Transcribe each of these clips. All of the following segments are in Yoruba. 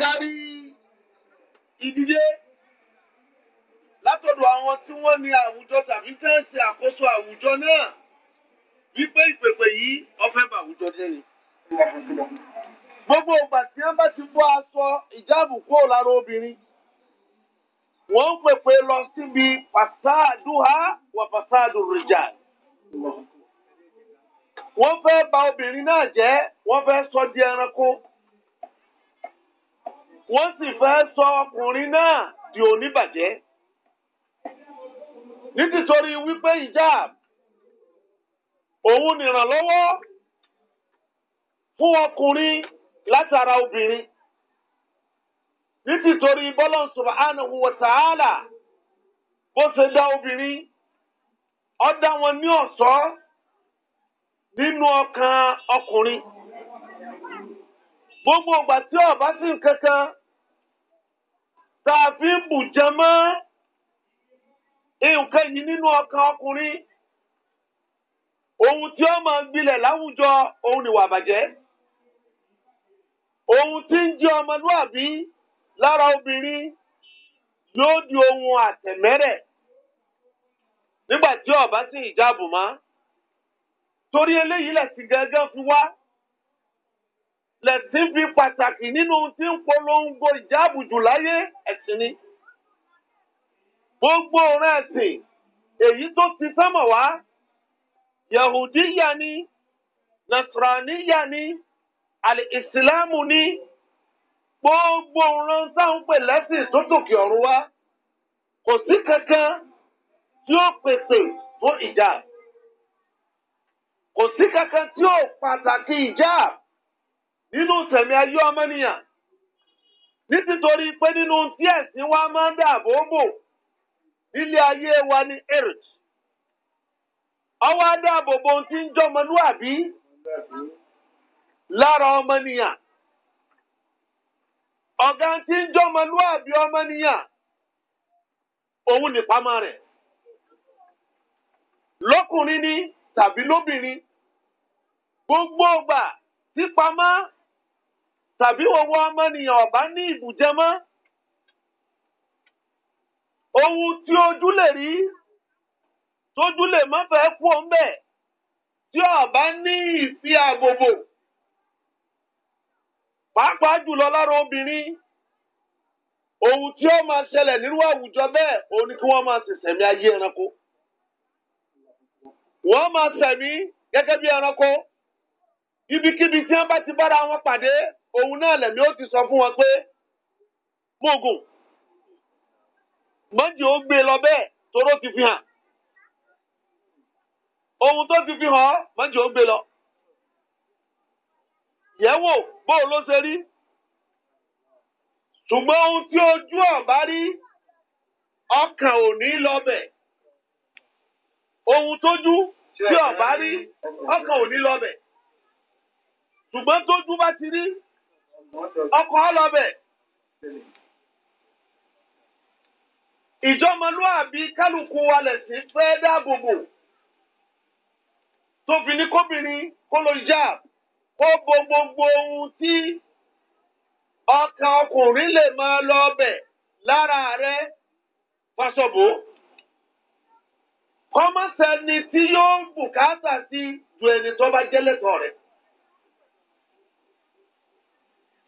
kárí ìdílé látọ̀dọ̀ àwọn tí wọ́n ní àwùjọ tàbí tẹ́ǹsì àkóso àwùjọ náà wípé ìpèpè yìí ọfẹ́ bà àwùjọ jẹ́ ni. Gbogbo ìgbà tí wọ́n bá ti bọ́ aṣọ ìjáàbù kúrò lára obìnrin, wọ́n ń pèpè lọ síbi pàṣáàdù wà pàṣáàdù rìjà. Wọ́n fẹ́ bà obìnrin náà jẹ́, wọ́n fẹ́ sọ di ẹranko. wọ́n sì fẹ́ sọ ọkùnrin náà di oníbàjẹ́ nítorí wípé ijab òun nìrànlọ́wọ́ fún ọkùnrin látara obìnrin nítorí bọ́lọ́n subhanahu wa ta'ala bó ṣe dá obìnrin ọ dá wọn ní ọ̀ṣọ́ nínú ọkàn ọkùnrin gbogbo ìgbà tí ó sí tá a fi ń bùjẹ mọ́ nǹkan yìí nínú ọkàn ọkùnrin ohun tí ó máa gbilẹ̀ láwùjọ òun nìwà bàjẹ́ ohun tí ń jẹ́ ọmọlúàbí lára obìnrin yóò di ohun àtẹ̀mẹ́rẹ̀ nígbà tí ọba sì ìjáàbù mọ́ torí eléyìí lẹ̀sìn gángan fi wá lẹ̀sìn fi pàtàkì nínú ohun tí ń polongo ìjáàbùjù láyé ẹ̀sìn ni. Gbogbo ọ̀rẹ́ ẹ̀sìn èyí tó ti sánmọ̀ wá, Yahudiya ni, Nasraniya ni, Al-Ìsìlámù ni, gbogbo ọ̀ràn táwọn pè lẹ́sìn tó tòkè ọ̀run wá. Kò sí kankan tí ó pèsè fún ìjà. Kò sí kankan tí ó pàtàkì ìjà. nínú sẹ̀mí ayé ọmọnìyàn nítorí pé nínú tí ẹ̀sìn wa máa ń dààbò bò nílé ayé wa ní èrèj ọwọ́ dààbò bò ti ń jọmọlúàbí lára ọmọnìyàn ọ̀gá ti ń jọmọlúàbí ọmọnìyàn òun nìpamọ́ rẹ̀ lọ́kùnrin ni tàbí lóbìnrin gbogbo ọgbà sípamọ́ tàbí owó ọmọnìyàn ọ̀bá ní ìbùjẹ mọ́ ohun tí ojú lè rí tójú lè má fẹ́ kú òun bẹ́ẹ̀ tí ọ̀bá ní ìfi àgbòbò pàápàá jùlọ lára obìnrin ohun tí ó máa ṣẹlẹ̀ nírú àwùjọ bẹ́ẹ̀ òun ni kí wọ́n máa ṣẹ̀ṣẹ̀mí ayé ẹranko wọ́n máa ṣẹ̀mí gẹ́gẹ́ bí ẹranko ibikíbi tí wọ́n bá ti bára wọn pàdé òun náà lẹ̀mí ó ti sọ fún wọn pé mọ́gùn mọ́jì ó gbé e lọ bẹ́ẹ̀ toró ti fi hàn ohun tó ti fi hàn ọ́ mọ́jì ó gbé e lọ yẹ̀wò bóò ló ṣe rí ṣùgbọ́n ohun tí ojú ọ̀bá rí ọkàn ò ní lọ́bẹ̀ ohun tójú tí ọ̀bá rí ọkàn ò ní lọ́bẹ̀ ṣùgbọ́n tójú bá ti rí ọkọ̀ ọlọ́bẹ̀. ìjọmọlúàbí kálukú wa lẹ̀sìn fẹ́ dáàbò bò tóbi ní kóbìnrin kó lọ yá kó bo gbogbo ohun tí ọkàn ọkùnrin lè máa lọ ọbẹ̀ lára rẹ̀ fàṣọbò kọ́mọ́sẹ́ni tí yóò bùkátà sí ju ẹni tó bá jẹ́ lẹ́tọ̀ọ́ rẹ̀.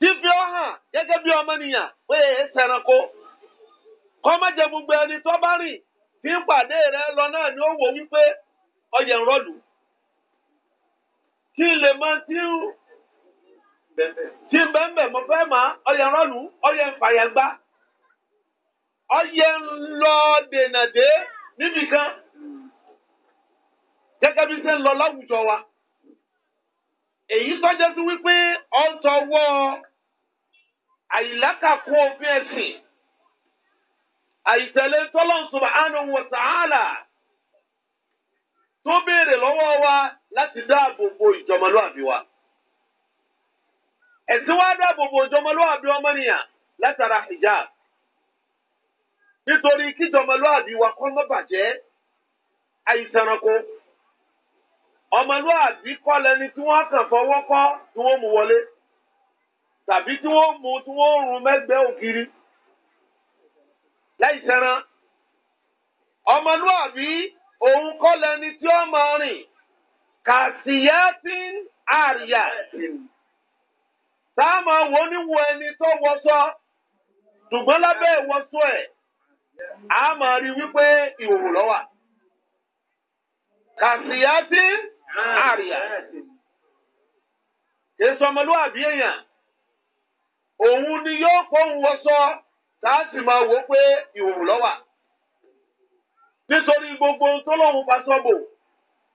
fífi ọ́ hàn gẹ́gẹ́ bí ọmọnìyàn pé èé sẹranko gbogbo ẹni tó bá rìn tí ń lọ náà ni ó wò wípé ọyẹ ń rọlù kí n lè mọ tí ń tí ń bẹ́ẹ̀ mọ fẹ́ mọ ọyẹ ń rọlù ọyẹ ń fàyà gbá ọyẹ ń lọ dènà dé kan gẹ́gẹ́ bí ṣe ń lọ láwùjọ wa èyí àyìnlákàkún òfin ẹ̀sìn àyìntẹ̀lé tọ́lọ́n subhanahu wa ta'ala tó béèrè lọ́wọ́ wa láti dáàbò bo ìjọmọlúàbí wa. ẹ̀sìn wa dáàbò bo ìjọmọlúàbí ọmọnìyàn látara hijab nítorí wa kọ́ mọ́ bàjẹ́ àyìntẹ̀ranko ọmọlúàbí kọ́ lẹni tí wọ́n kàn fọwọ́ kọ́ tí wọ́n mú wọlé. tàbí tí wọ́n mú tí wọ́n rún mẹ́gbẹ́ ògiri lẹ́yìn sẹ́ran ọmọlúwàbí òun kọ́ lẹni tí ó máa rìn kàtìyẹ́tìn àríyá sáàmà wo ni wo ẹni tó wọṣọ ṣùgbọ́n lábẹ́ ìwọṣọ ẹ̀ a máa rí wípé ìhòòhò lọ́wà kàtìyẹ́tìn àríyá kì í sọ ọmọlúwàbí èèyàn òun ni yóò kóhun wọṣọ láti máa wò pé ìhòòhò lọ́wà nítorí gbogbo tó lóun pa sọ́bò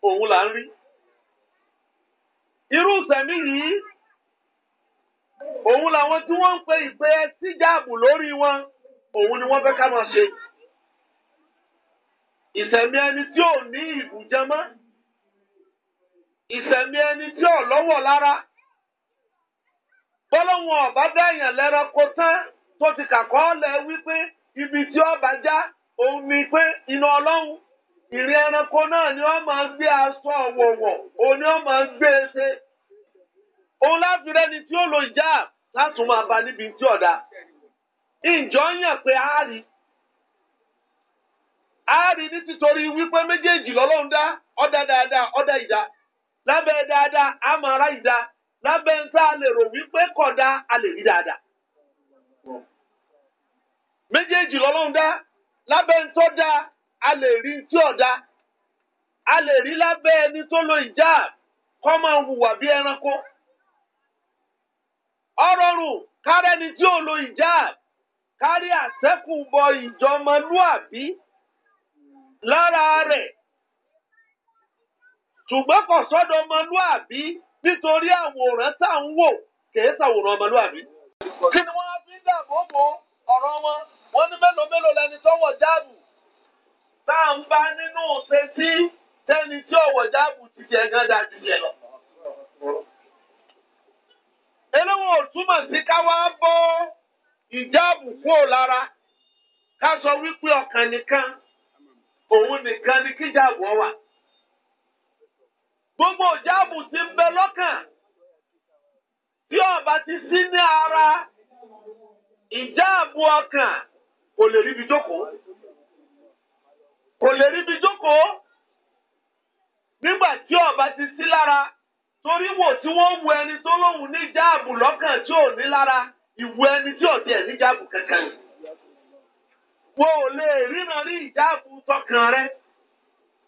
òun là ń rí irú sẹ̀mí yìí òun làwọn tí wọ́n ń pe ìpè síjáàbù lórí wọn òun ni wọ́n fẹ́ ká máa ṣe ìsẹ̀mí ẹni tí ò ní ìbùjẹ mọ́ ìsẹ̀mí ẹni tí ò lọ́wọ́ lára. bọ́lọ́wọ́n ọ̀bá dáyàn lẹ́rọ̀kọ tán tó ti kàkọ́ lẹ̀ wípé ibi tí ọba já òun ni pé iná ọlọ́run ìrì ẹranko náà ni wọ́n máa ń gbé aṣọ ọ̀wọ̀wọ̀ òun ni wọ́n máa ń gbé e ṣe. òun láti rẹ́ni tí ó lo ìjà láti máa ba níbi tí ọ̀dà. ìjọ yàn pé a rí a rí ní títorí wípé méjèèjì lọ́lọ́run dá ọ̀dà dáadáa ọ̀dà ìdá lábẹ́ dáadáa a máa ra ìdá. lábẹ́ ń tá a lè rò wípé kódà a lè rí dáadáa. méjèèjì lọ́lọ́run dá lábẹ́ ń tọ́ dá a lè rí tí ọ̀dá a lè rí lábẹ́ ẹni tó lo ìjáàb kọ́ máa hùwà bí ẹranko. ọ̀rọ̀rùn kárẹ́ni tí ò lo ìjáàb kárí àṣẹ́kù bọ ìjọmọlúàbí lára rẹ̀ ṣùgbọ́n kò sọ́dọ̀ ọmọlúàbí. nítorí àwòrán tá à ń wò kèé sàwòrán ọmọlúwàbí. kí ni wọ́n fi ń dààmú bo ọ̀rọ̀ wọn wọ́n ní mélòó mélòó lẹni tó wọ̀ jáàbù tá à ń bá nínú ṣe sí tẹ́ni tí ọ̀wọ̀ jáàbù ti jẹ gánda ti jẹ lọ. eléwọ́n ò túmọ̀ sí ká wá bọ́ ìjáàbù kúrò lára ká sọ wípé ọkàn nìkan òun nìkan ni kíjáàbù ọ wà. gbogbo ìjáàbù ti ń bẹ lọ́kàn tí ọba ti sí ní ara ìjáàbù ọkàn kò lè ríbi jókòó kò lè ríbi jókòó nígbà tí ọba ti sí lára torí wò tí wọ́n wu ẹni tó lóhùn ní ìjáàbù lọ́kàn tí ò ní lára ìwú ẹni tí ẹ̀ kankan ò lè ríran rẹ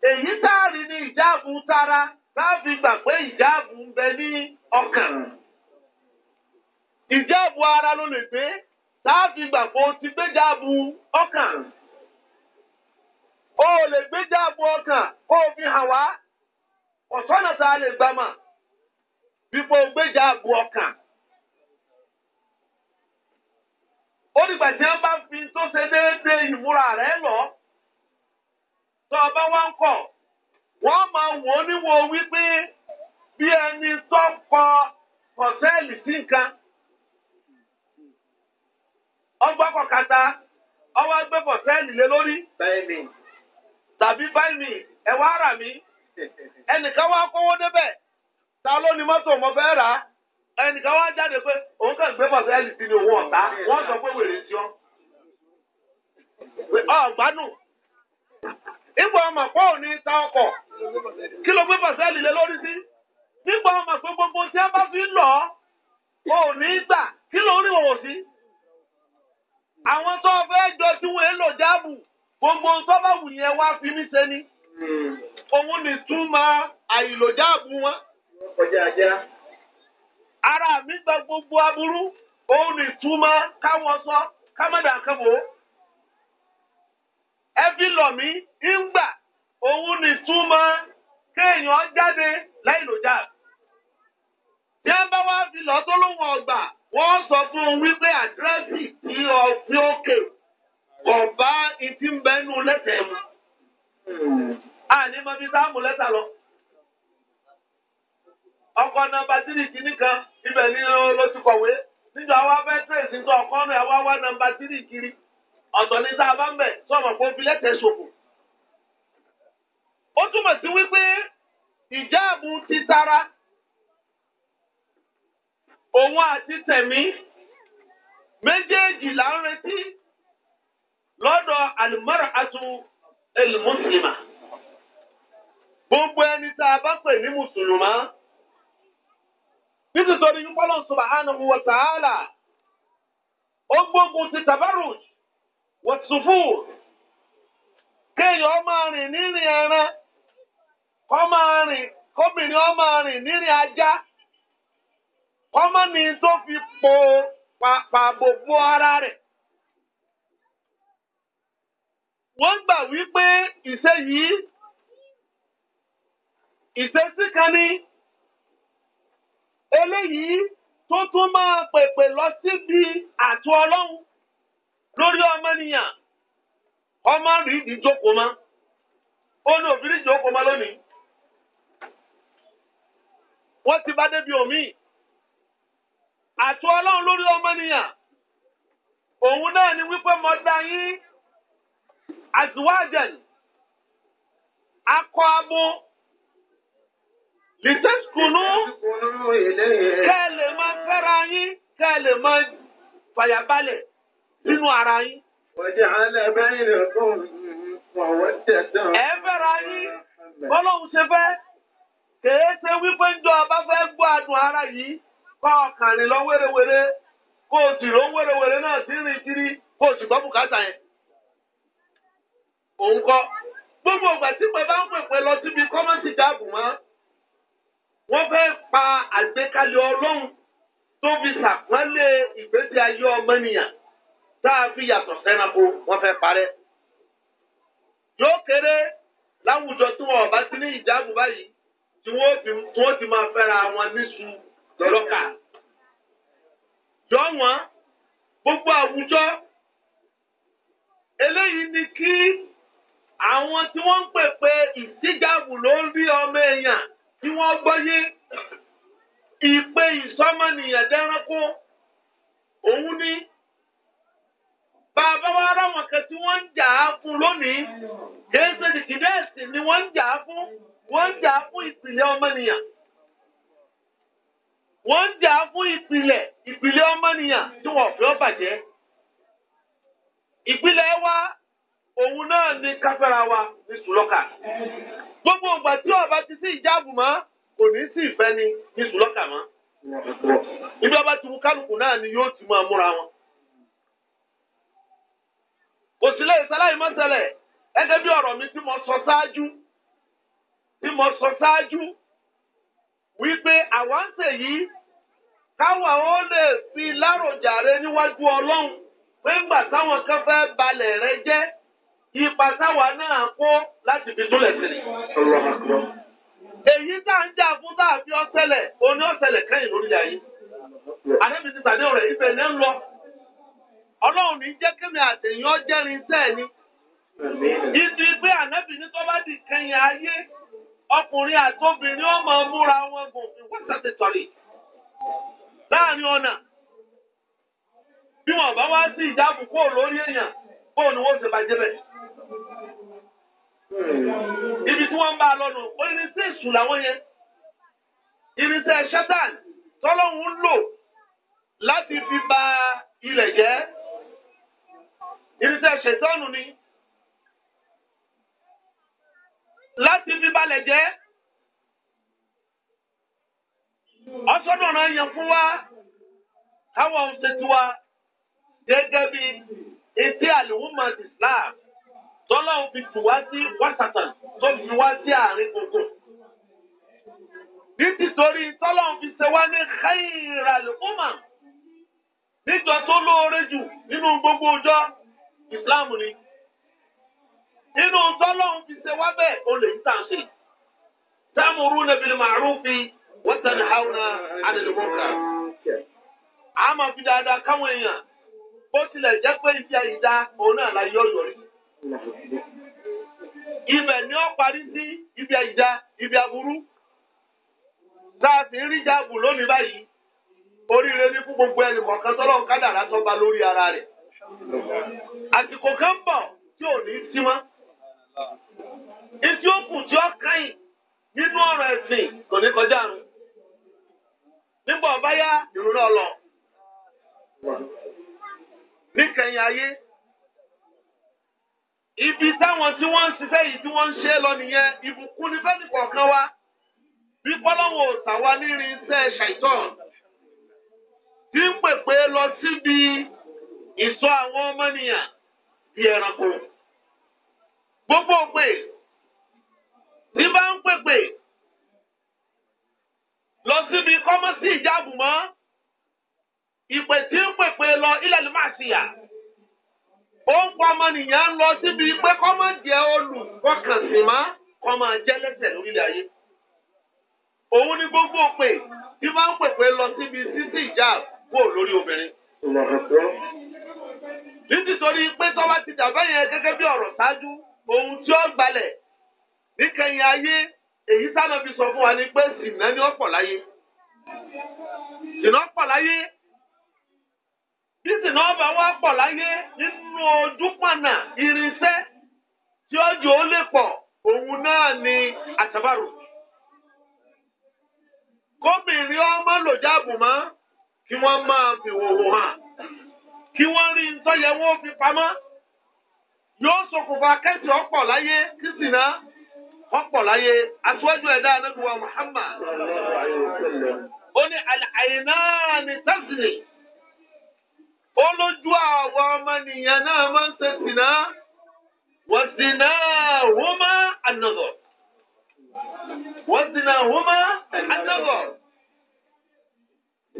èyí tá a rí ní láti gbà pé ìjáàbù ń bẹ ní ọkàn ìjáàbù ara ló lè gbé láti gbà pé o ti gbé jáàbù ọkàn o lè gbé ọkàn kó o fi hàn wá ọ̀sọ́nà tá a lè gbà mà o ọkàn. ó dìgbà tí bá fi tó ṣe déédéé ìmúra lọ tó o bá wá wọ́n máa wọ́n ó níwò wípé bí ẹni tó kọ hòtẹ́ẹ̀lì sí nǹkan ọgbọ́kọ̀ kata ọwọ́ gbé hòtẹ́ẹ̀lì lé lórí tàbí báyìí mi ẹ wá rà mí ẹnìkan wá kówó débẹ̀ ta ló ní mọ́tò mo fẹ́ rà á ẹnìkan wá jáde pé òun kàn gbé hòtẹ́ẹ̀lì sí ni owó ọ̀tá wọ́n sọ pé wèrè jọ ọ ọ̀gbánù. Nígbà ọmọ pọ̀ ò ní ta ọkọ̀. Kí ló gbé pàṣẹ́lì lé lórí sí? Nígbà ọmọ pé gbogbo tí a bá fi lọ, o ò ní gbà. Kí ló rí òwò sí? Àwọn tó fẹ́ jọ tí wọ́n èlò jáàbù, gbogbo tó bá wù yẹn wá fi mí ṣe ni. Òun ni túmọ̀ àìlò jáàbù wọn. Ara mi gba gbogbo aburú, òun ni túmọ̀ káwọn sọ, ká má dà kábò. ẹbí lọ̀mí ńgbà òun ni túmọ̀ kéèyàn jáde láì lò Bí bá wá fi lọ ọgbà, wọ́n sọ fún wípé àdírẹ́sì tí ọ̀fi òkè kò bá ń bẹ́nu mu. Àní mo fi sáàmù lọ. Ọkọ̀ nọ́mbà tírì kan ibẹ̀ ni ló ti kọ̀wé. fẹ́ tẹ̀sí ọkọ̀ tírì kiri. ọ̀tọ̀ ní tá a bá ń bẹ̀ tí ọmọ pé ó fi lẹ́tẹ̀ẹ́ ṣòfò. ó túmọ̀ sí wípé ìjáàbù ti tara òun àti tẹ̀mí méjèèjì là ń retí lọ́dọ̀ al-mar'atu al-muslima. gbogbo ẹni tá a bá pè ní mùsùlùmá nítorí Ọlọ́hun subhanahu wa ta'ala ó gbógun ti tabarruj. wọ̀túfù kéèyàn ọmọ rìn niri ẹran kọ́mọ rìn kóbìnrin ọmọ rìn nírìn ajá kọ́mọ ni fi po bo ara rẹ̀. wọ́n gbà wípé ìṣe yìí ìṣesí kan ní eléyìí tó tún máa pèpè lọ síbi àtú lórí ọmọnìyàn ọmọ rí ìjókòó mọ́ ó ní òbí rí ìjókòó mọ́ lónìí wọ́n ti bá débi omi àti ọlọ́run lórí ọmọnìyàn òun náà ni wípé mo dá yín àtiwájẹ̀n akọ abo lìtẹ́sùkùnú kẹ́ ẹ lè máa fẹ́ra yín kẹ́ lè máa fàyàbalẹ̀. nínú ara yín. Ẹ fẹ́ra yín, ṣe fẹ́. Kèé ṣe wípé njọ́ ọba fẹ́ gbọ́ adùn ara yìí, kọ́ ọkàrin lọ wérewère, kó o sì lọ wérewère náà sí rìn kiri, kó sì gbọ́ Gbogbo tí pẹ̀ bá ń pèpè lọ síbi kọ́mọ́sì jáàbù mọ́, wọ́n fẹ́ pa àgbékalẹ̀ Ọlọ́run tó fi ṣàpọ́nlé ìgbésí ayé ọmọnìyàn. sáàbí yàtọ̀ sẹ́nàkó wọ́n fẹ́ parẹ́. yóò kéré láwùjọ tí wọn bá ti ní ìjáàbù báyìí tí wọ́n ti máa fẹ́ra wọn níṣu lọ́lọ́kà. yọ wọn gbogbo àwùjọ eléyìí ni kí àwọn tí wọ́n ń pè pé ìjíjáàbù ló ń rí ọmọ èèyàn tí wọ́n gbọ́yé ìpè ìsọmọnìyàn dẹ́ránkó òun ní bàbá wa ráwọn kan tí wọ́n ń jà á fún lónìí kìí ṣe dìkìdẹ́ẹ̀sì ni wọ́n ń jà á fún wọ́n ń jà á fún ìpìlẹ̀ ọmọnìyàn wọ́n ń jà á fún ìpìlẹ̀ ìpìlẹ̀ ọmọnìyàn tí wọ́n fi ọ́ bàjẹ́ ìpìlẹ̀ wa òun náà ni kápẹ́ra wa ní sùlọ́kà gbogbo ìgbà tí ọba ti sí ìjáàbù mọ́ kò ní sí ìfẹ́ ni ní sùlọ́kà mọ́ ibi ọba ti wù kálukú náà ni yóò ti máa múra wọn. osile sí lè sáláì mọ́sẹ̀lẹ̀ ẹgẹ́ bí ọ̀rọ̀ mi tí mo sọ ṣáájú tí mo sọ ṣáájú wípé fi láròjàre níwájú ọlọ́run pé ńgbà táwọn kan fẹ́ balẹ̀ rẹ jẹ́ ipa táwa náà kó láti fi túlẹ̀ sílẹ̀. èyí tá à ń jà fún tá ọ̀sẹ̀lẹ̀ òní ọ̀sẹ̀lẹ̀ kẹ́yìn lórí ayé. àdébìtì ọlọ́run ní jẹ́ kíni àtẹ̀yìn ọjẹ́rin sẹ́ẹ̀ni. Ibi pé ànábì ní tó bá di kẹyìn ayé, ọkùnrin àtobìnrin ó máa múra wọn gùn fún wákàtí tọ̀lì. Láàrin ọ̀nà, bí wọ́n bá wá sí ìjáàbù kó lórí èèyàn, kó ni wọ́n ṣe bàjẹ́ bẹ̀. Ibi tí wọ́n ń bá a lọ́nu, ó irinṣẹ́ èṣù làwọn yẹn. Irinṣẹ́ ṣẹ́tàn tọ́lọ́hún lò láti fi bà ilẹ̀ jẹ́ irinṣẹ́ ṣètọ́nù ni láti fi balẹ̀ jẹ́ ọsọdún ọ̀ràn yẹn fún wa káwọn ohun ṣe tiwa gẹ́gẹ́ bí etí àlùwùmọ̀ Islam tọ́lá òfin tù wá sí wàsàtàn tó fi wá sí àárín gbogbo. nítorí tọ́lá òfin ṣe wá ní khayral umam níjọ tó lóore jù nínú gbogbo ọjọ́. Islam ni nínú tọ́lọ́hún fi ṣe wá bẹ́ẹ̀ o lè ń tàn ṣe ta'muruna bil ma'rufi wa tanhauna 'anil munkar. a máa fi dáadáa káwọn èèyàn bó tilẹ̀ jẹ́ pé ibi àyídá òun náà yọ yọrí. ibẹ̀ ni ó parí sí ibi àyídá ibi aburú. tá a ń lónìí báyìí oríire gbogbo ẹnì kọ̀ọ̀kan tọ́lọ́hún kádàrá tó lórí ara rẹ̀. àsìkò kan bọ̀ tí ò ní sí mọ́. Ethiopia tí ó káyìn nínú ọ̀rọ̀ ẹ̀sìn kò ní kọjá àrùn. Nígbà ọ̀báyá ìrora ọlọ. Níkẹyìn ayé. Ibi táwọn tí wọ́n ń ṣiṣẹ́ yìí tí wọ́n ń ṣe lọ nìyẹn ìbùkún ní fẹ́ẹ́ nìkọ̀ọ̀kan wa. Bí Kọ́lọ́wọ̀ tàwa nírin iṣẹ́ ṣàìtàn. Tí ń pèpè lọ síbi. Si ìsọ àwọn ọmọnìyàn di ẹranko. Gbogbo ògbè ní bá ń pèpè lọ síbi kọ́mọ́ sí ìjáàbù mọ́. Ìpè tí ń pèpè lọ ilẹ̀ ló máa ṣìyà. Ó ń pa ọmọnìyàn ń lọ síbi pé kọ́mọ́ jẹ́ olùkọ́kànsìn mọ́ kọ́mọ́ jẹ́ lẹ́sẹ̀ lórílẹ̀ ayé. Òun ni gbogbo òpè tí bá ń pèpè lọ síbi sísí ìjáàbù kúrò lórí obìnrin. nítorí pé tọ́wá ti dàbẹ́ yẹn gẹ́gẹ́ bí ọ̀rọ̀ ṣáájú ohun tí ó gbalẹ̀ níkẹyìn ayé èyí sábà fi sọ fún wa ni pé sìnà ni ó pọ̀ láyé pọ̀ láyé bí ọba wa pọ̀ láyé nínú ojúpọ̀nà irinṣẹ́ tí ó jò ó lè pọ̀ òun náà ni àtàbàrò ọmọ wọ́n máa fi wòwò hàn. kí wọ́n rí ntọ́yẹ wọn fi pamọ́ yóò ṣokùnfà kẹ́tì ọ̀pọ̀ láyé kìsìnà ọ̀pọ̀ láyé aṣíwájú ẹ̀dá anábìwá Muhammad ó ní àìná ni tẹ́sìlì ó lójú àwọn ọmọnìyàn náà máa ń ṣe sìnà wọ́n sìnà húmọ́ ànàgọ̀ wọ́n sìnà húmọ́ ànàgọ̀.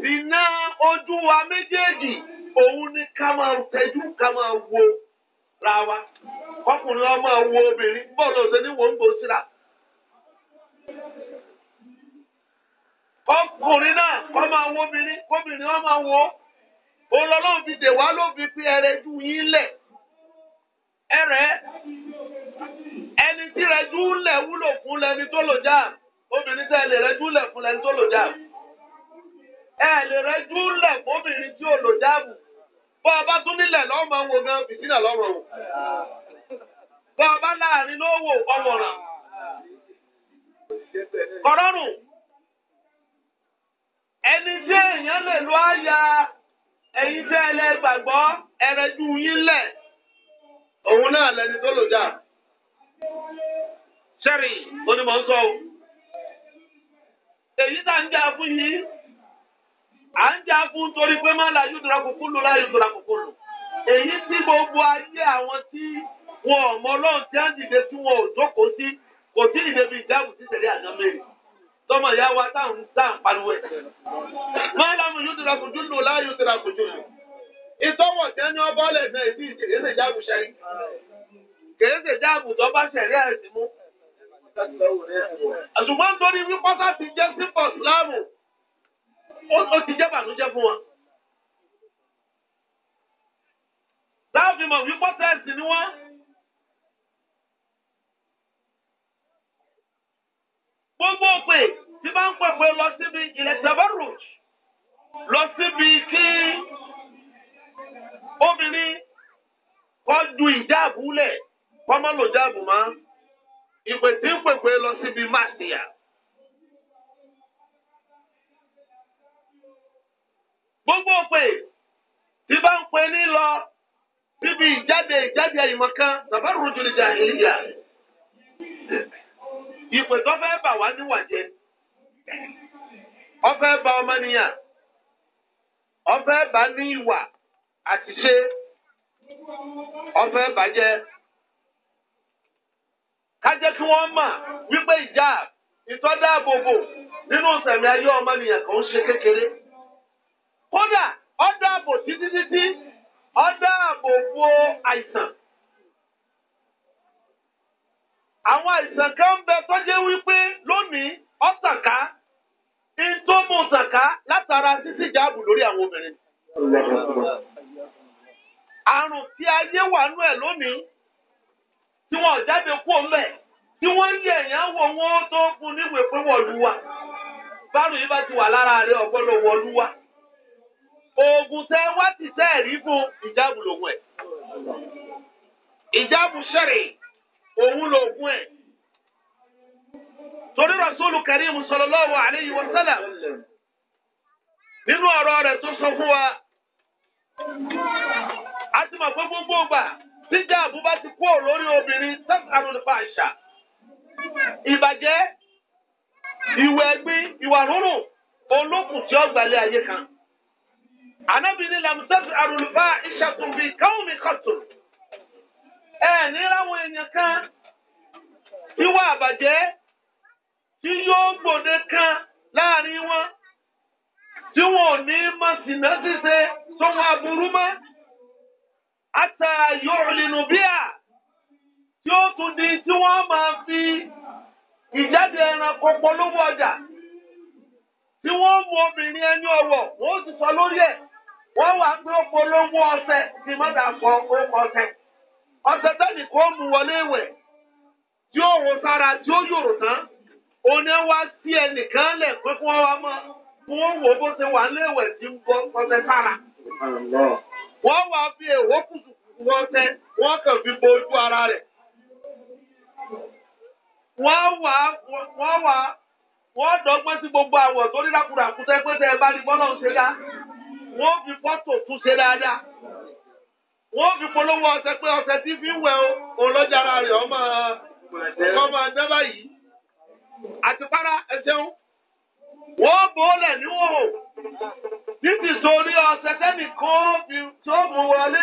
na ojú wa méjèèjì òun ni ká máa tẹjú wo ra wa ọkùnrin wa máa wo obìnrin bọ́ọ̀lù ọ̀sẹ̀ ní wọ́n ń gbó síra. ọkùnrin náà kọ́ máa wo obìnrin obìnrin wa máa wo olọ́lọ́run fi dè wá ló fi fi ẹrẹ ju yín lẹ̀ ẹrẹ ẹni tí rẹ jù wúlò fún lẹni tó lò já obìnrin rẹ ẹ lè rẹjú lẹ̀ fóbìnrin tí ò lò jáàbù bọ́ ọba tún nílẹ̀ lọ́mọ wo gan fìtínà lọ́mọ wò bọ́ ọba láàrin ló ọmọràn kọ́rọ́rùn ẹni tí èèyàn lè lo àyà ẹ̀yin tí ẹ lẹ gbàgbọ́ ẹrẹ́jú yín lẹ̀ òun náà lẹni tó lò jáàbù sẹ́rì onímọ̀ sọ èyí tá à ń jà fún torí pé má la yóò dúra kúkú lò láyò dúra kúkú lò èyí tí gbogbo ayé àwọn tí wọn ọmọ ọlọ́run tí á ń dìde tí wọn ò jókòó sí kò tí ì débi ìdáàbò sí tẹ̀lé àná mẹ́rin tọmọ ìyá wa táwọn táwọn pariwo ẹ̀. máa lámù yóò dúra kùjú lò láyò yóò dúra kùjú lò. ìtọ́wọ̀ tẹ́ ní ọba ọ̀lẹ̀ náà èdè ìṣèlérè jáàbù ṣẹ́yìn. kèrèsè jáàbù tó bá ṣẹ̀rí àìsí mú. ṣùgbọ́n torí wípọ́sá ti ó ti jẹ́ bànújẹ́ fún wọn. láàfin mọ̀ wípé pọ́tẹ́ẹ̀sì ni wọ́n. gbogbo òpè tí bá ń pèpè lọ síbi ilẹ̀ tẹ̀bọ̀rù lọ síbi kí obìnrin kọ́ ju ìjáàbù lẹ̀ kọ́ má lò jáàbù mọ́ ìpè tí ń pèpè lọ síbi máṣíyà. gbogbo òpè tí bá ń pè ní lọ níbi ìjáde ìjáde àyìnbọn kan bàbá rújú ni jàhìlíyà ìpè tó fẹ́ bà wá níwàjẹ́ ọfẹ́ eba ọmọnìyàn ọfẹ́ bà ní ìwà àti ọfẹ́ bàjẹ́ kájẹ́ kí wọ́n mọ̀ wípé ìjà ìtọ́dáàbòbò nínú sẹ̀mí ayé ọmọnìyàn kò ń kódà ọdọ ààbò títí títí ọdọ ààbò wo àìsàn. àwọn àìsàn kan ń bẹ tó jẹ́ wípé lónìí ọ̀tànká tó mú tànká látara títí jáàbù lórí àwọn obìnrin. àrùn tí ayé wà nú ẹ lónìí tí wọn jáde kú tí ń ti wà lára oògùn tẹ wá ti tẹ rí fún ìjáàbù lòun ẹ ìjáàbù ṣẹrì òun lòògùn ẹ torí rasúlù karim sallallahu alayhi wa sallam nínú ọ̀rọ̀ rẹ̀ tó sọ fún wa a ti mọ̀ pé gbogbo gbà tíjà àbúbá ti kú lórí obìnrin sẹ́kàrún nípa àṣà ìbàjẹ́ ìwẹ̀ ẹ̀gbin ìwà rúrùn olókùn tí ó gbalẹ̀ ayé kan. ànábì ni lamtẹ́sì àrùlùbá ìṣàkùnbí káwùmí kọ̀tù ẹ níláwọn èèyàn kan tí wọ́n àbàjẹ́ tí yóò gbòde kan láàrin wọn tí wọn ní mọ̀ tó wọn aburú àtà yóò tí ó di tí wọ́n ma fi ìjáde ẹranko polówó ọjà tí mú obìnrin ẹni sọ lórí wọ́n wá gbé polówó ọṣẹ tí mọ́tà kọ́ orúkọ ọṣẹ. ọṣẹ tẹ́lẹ̀ kó mú wọlé tí ó wò tí ó yòrò tán oní wá sí ẹnìkan lẹ̀ pé kí wá mọ́ wọ́n wò bó ṣe wà lé ìwẹ̀ tí ń bọ́ fi kùtùkùtù wọ́n kàn fi ara rẹ̀. wọ́n wà wọ́n wà wọ́n dọ́gbọ́n sí gbogbo àwọ̀ tó wọ́n fi fọ́tò tún ṣe dáadáa wọ́n fi polówó ọṣẹ pé ọṣẹ tí fi ń wẹ̀ o òun ara rẹ̀ ọmọ ọmọ ẹ̀dá báyìí wọ́n bò ó lẹ̀ níwòrò títí sórí ọṣẹ tẹ́nìkan mú wọlé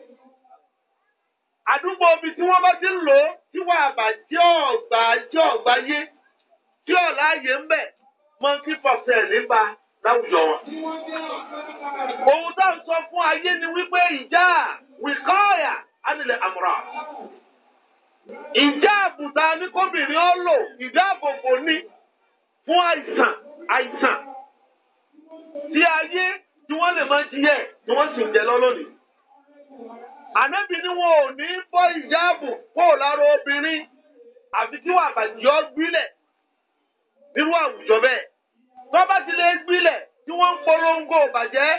àdúgbò omi tí wọ́n bá ti ń lò ó tí wọ́n àbà jẹ́ ọ̀gbà jẹ́ ọ̀gbà yé tí ọ̀la yé ń bẹ̀ monkey percent nípa láwùjọ wọn. Òun tá ń sọ fún ayé ni wípé ìjà wìkọ́ọ̀yà ánilẹ̀ àmúra. Ìjà àbùtà ní kóbìnrin ó lò ìdáàbòbò ní fún àìsàn àìsàn tí ayé tí wọ́n lè máa jiyẹ̀ ni wọ́n sì ń jẹ lọ́lọ́nìí. ànábì ni wọn ò ní bọ́ ìjáàbù kó lára obìnrin àfi tí wọn yọ gbilẹ̀ nínú àwùjọ bẹ́ẹ̀ tó bá ti gbilẹ̀ tí wọn ń polongo bàjẹ́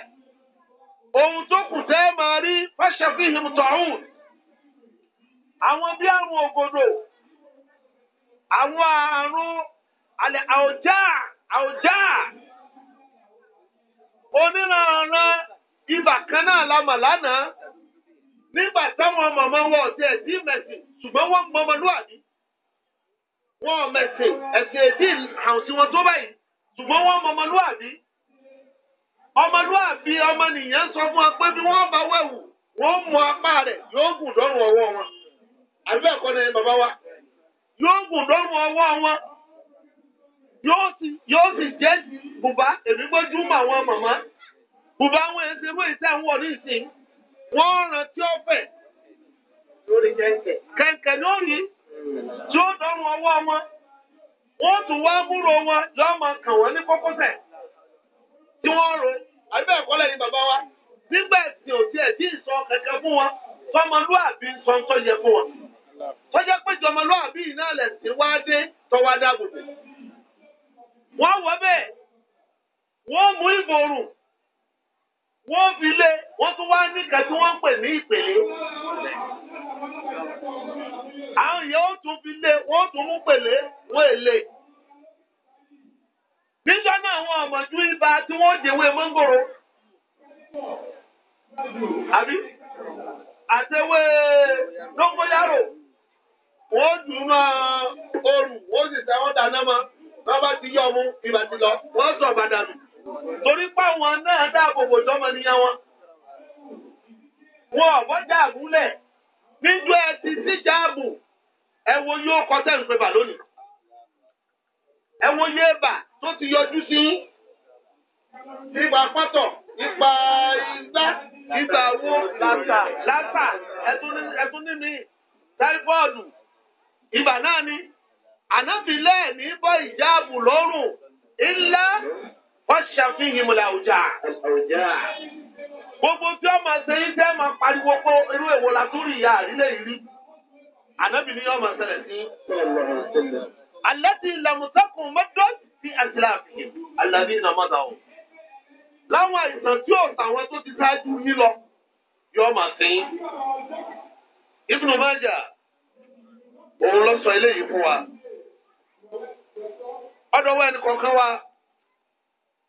ohun tó kù tẹ́ máa rí fáṣẹfìhìm tọ̀hún àwọn bí àrùn àwọn àrùn àlẹ kan náà la mà nígbà táwọn màmá wọn ọ̀tí ẹ̀dí mẹ̀sìn ṣùgbọ́n wọ́n mọ ọmọlúwàbí wọn mẹ̀sìn ẹ̀sìn èdè àwọn tí wọ́n tó báyìí ṣùgbọ́n wọ́n mọ ọmọlúwàbí ọmọlúwàbí ọmọnìyàn sọ fún wa pé bí wọ́n bá wẹ̀wù wọ́n mú apá rẹ̀ yóò gùn dọ́rùn ọwọ́ wọn àbí ẹ̀kọ́ ni bàbá wa yóò gùn dọ́rùn ọwọ́ wọn yóò sì yóò sì jẹ́ bùbá èmi gbójú mọ́ àwọn màmá bùbá wọn ẹ̀ ṣe wọ́n ì wọ́n rántí ọ̀fẹ́ lórí kẹ̀kẹ́ lórí tí ó dọ́rùn ọwọ́ wọn wọ́n tún wá múrò wọn lọ́mọ kàn wọ́n ní kókósẹ̀ tí wọ́n rò àbíbẹ̀ ìkọ́lẹ̀ ní bàbá wa nígbà ẹ̀sìn òtí ẹ̀ bí ìsọ kẹ̀kẹ́ fún wọn tọmọlúàbí sọ yẹ fún wọn pé tọmọlúàbí iná wá dé wọ́n wọ́ bẹ́ẹ̀ wọ́n fi lé wọ́n tún wá níkà tí wọ́n ń pè ní ìpèlè. àwọn yẹn ó tún fi lé wọ́n tún mú pèlè wọ́n èlé. níjọ́ náà àwọn ọ̀mọ̀jú ibà tí wọ́n dèwé mọ́ngòrò. àbí àtẹwé dókòyàrò wọ́n dùn mọ́ oòrùn wọ́n sì sẹ́wọ́n dáná mọ́ bá bá ti yọ̀ mú ibà ti lọ wọ́n sọ̀ bàdànù torí páwọn náà dáàbòbò jọmọnìyàn wọn wọn ọ̀bọ́jà àgúnlẹ̀ níjọ ẹ ti síjáàbù ẹ wo yóò kọtẹ́ ń pèbà lónìí ẹ wo yé bà tó ti yọjú sí nípa pátọ̀ nípa igbá nípa wo làtà làtà ẹtún ní mi táífọ́ọ̀dù ibà náà ni ànábìlẹ̀ ní bọ́ ìjáàbù lọ́rùn ńlá kọ́ṣà fi yìí mu la ọjà. gbogbo tí wọ́n máa ṣe yín tẹ́ máa pariwo pé irú èwo la tún rí ìyá àrílẹ̀ yìí rí. ànábì ni yóò máa ṣẹlẹ̀ sí. alẹ́ ti làmùtẹ́kùn mọ́tò sí àtìláàfin alábí iná mọ́tà o. láwọn àìsàn tí ò sàwọn tó ti ṣáájú yín lọ yóò máa ṣe yín. Ibnu Májà òun ló sọ eléyìí fún wa. ọ̀dọ̀ wa ẹnì kọ̀ọ̀kan wa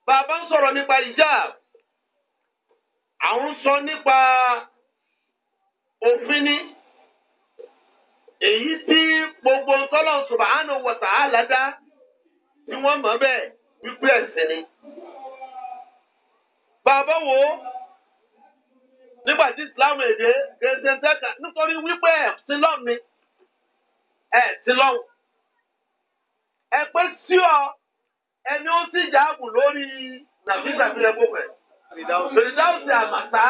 bàbá ń sọ̀rọ̀ nípa hijab à ń sọ nípa òfin ní èyí tí gbogbo tọ́lọ̀ subhanahu wa ta'ala dá tí wọ́n mọ̀ bẹ́ẹ̀ wípé ẹ̀sìn ni. bàbá wo nígbà tí Islam èdè gẹ̀ẹ́sẹ̀ tẹ́ka nítorí wípé ẹ̀sìn lọ́ọ̀ ni ẹ̀sìn lọ́ọ̀ ẹ sí ọ. ẹni ó sì jáàbù lórí nàfíìsà tó yẹ Fèrèdáùsì àmàtà